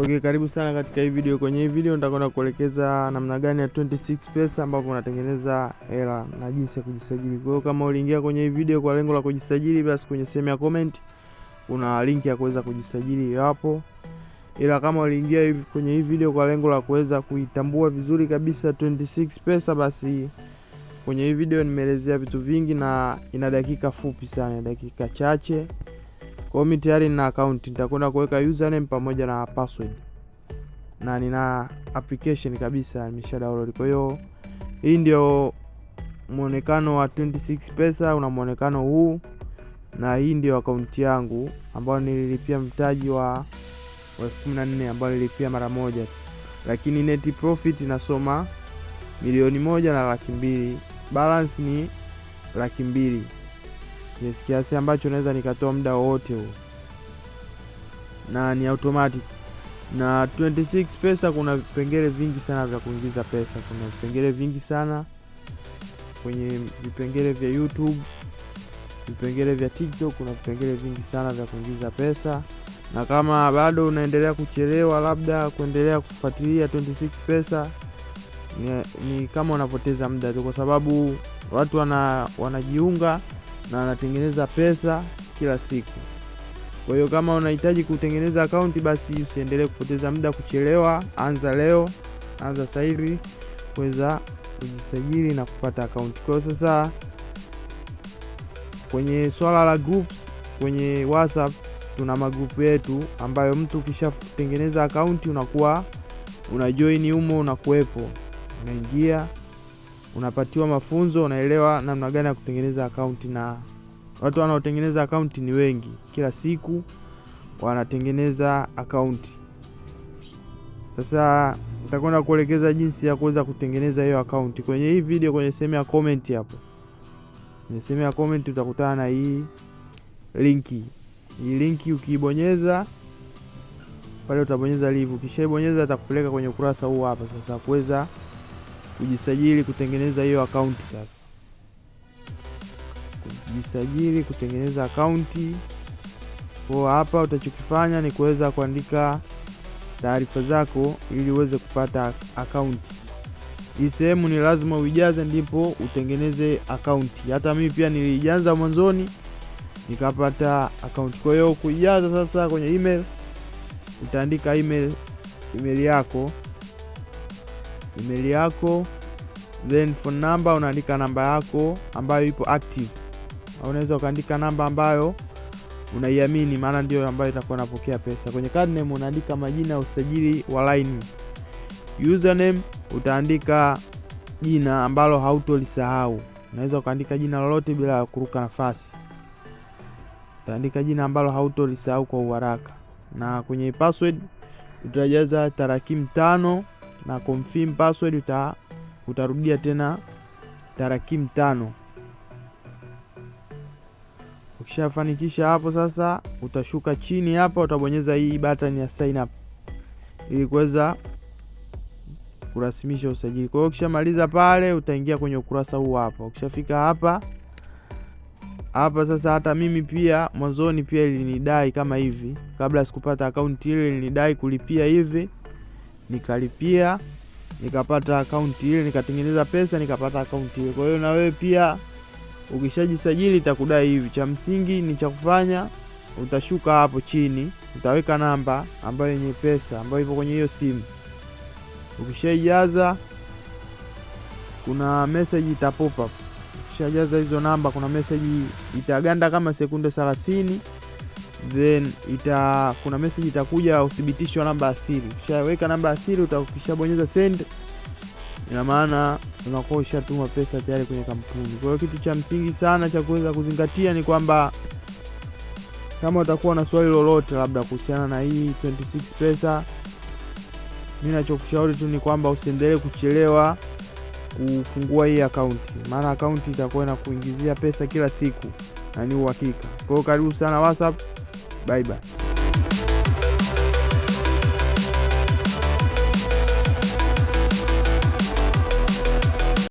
Okay, karibu sana katika hii video. Kwenye hii video nitakwenda kuelekeza namna gani ya 26 Pesa ambapo unatengeneza hela na jinsi ya kujisajili. Kwa hiyo kama uliingia kwenye hii video kwa lengo la kujisajili, basi kwenye sehemu ya comment kuna link ya kuweza kujisajili hapo. Ila kama uliingia kwenye hii video kwa lengo la kuweza kuitambua vizuri kabisa 26 Pesa, basi kwenye hii video nimeelezea vitu vingi na ina dakika fupi sana, dakika chache hiyo mimi tayari nina account, nitakwenda kuweka username pamoja na password na nina application kabisa nimesha download. Kwa hiyo hii ndio mwonekano wa 26 pesa una mwonekano huu, na hii ndio akaunti yangu ambayo nililipia mtaji wa elfu 14 ambayo nilipia mara moja, lakini net profit inasoma milioni moja na laki mbili, balance ni laki mbili yes, kiasi ambacho naweza nikatoa muda wowote huo na ni automatic. Na 26 pesa, kuna vipengele vingi sana vya kuingiza pesa, kuna vipengele vingi sana kwenye vipengele vya YouTube, vipengele vya TikTok, kuna vipengele vingi sana vya kuingiza pesa. Na kama bado unaendelea kuchelewa labda kuendelea kufuatilia 26 pesa ni, ni kama unapoteza muda tu, kwa sababu watu wana, wanajiunga na anatengeneza pesa kila siku. Kwa hiyo kama unahitaji kutengeneza akaunti, basi usiendelee kupoteza muda kuchelewa. Anza leo, anza sasa hivi kuweza kujisajili na kupata akaunti. Kwa hiyo sasa, kwenye swala la groups kwenye WhatsApp tuna magrupu yetu ambayo mtu ukishatengeneza akaunti unakuwa unajoini humo, unakuwepo, unaingia unapatiwa mafunzo, unaelewa namna gani ya kutengeneza akaunti, na watu wanaotengeneza akaunti ni wengi, kila siku wanatengeneza akaunti. Sasa nitakwenda kuelekeza jinsi ya kuweza kutengeneza hiyo akaunti kwenye hii video, kwenye sehemu ya comment hapo. Kwenye sehemu ya comment utakutana na hii linki. Hii linki ukiibonyeza pale utabonyeza live, ukishaibonyeza atakupeleka kwenye ukurasa huu hapa sasa kuweza kujisajili kutengeneza hiyo akaunti. Sasa kujisajili kutengeneza akaunti, kwa hapa utachokifanya ni kuweza kuandika taarifa zako ili uweze kupata akaunti. Hii sehemu ni lazima uijaze, ndipo utengeneze akaunti. Hata mimi pia niliijaza mwanzoni nikapata akaunti. Kwa hiyo kuijaza sasa, kwenye email utaandika email, email yako email yako, then phone number unaandika namba yako ambayo ipo active, au unaweza ukaandika namba ambayo unaiamini, maana ndio ambayo itakuwa inapokea pesa. Kwenye card name unaandika majina ya usajili wa line. Username utaandika jina ambalo hautolisahau, unaweza ukaandika jina lolote bila kuruka nafasi. Utaandika jina ambalo hautolisahau kwa uharaka, na kwenye password utajaza tarakimu tano na confirm password uta, utarudia tena tarakimu tano. Ukishafanikisha hapo sasa, utashuka chini hapa, utabonyeza hii button ya sign up ili kuweza kurasimisha usajili. Kwa hiyo ukishamaliza pale, utaingia kwenye ukurasa huu hapa. Ukishafika hapa hapa sasa, hata mimi pia mwanzoni pia ilinidai kama hivi, kabla sikupata akaunti ile ilinidai kulipia hivi nikalipia, nikapata akaunti ile, nikatengeneza pesa, nikapata akaunti ile. Kwa hiyo na wewe pia ukishajisajili itakudai hivi. Cha msingi ni cha kufanya, utashuka hapo chini, utaweka namba ambayo yenye pesa ambayo ipo kwenye hiyo simu. Ukishaijaza kuna message itapopa. Ukishajaza hizo namba, kuna message itaganda kama sekunde thelathini then ita kuna message itakuja uthibitisho wa namba siri. Ukishaweka namba siri utakishabonyeza send, ina maana unakuwa ushatuma pesa tayari kwenye kampuni. Kwa hiyo kitu cha msingi sana cha kuweza kuzingatia ni kwamba kama utakuwa na swali lolote labda kuhusiana na hii 26 pesa, mimi nachokushauri tu ni kwamba usiendelee kuchelewa kufungua hii akaunti, maana akaunti itakuwa kuingizia pesa kila siku na ni uhakika. Kwa hiyo karibu sana WhatsApp. Bye bye.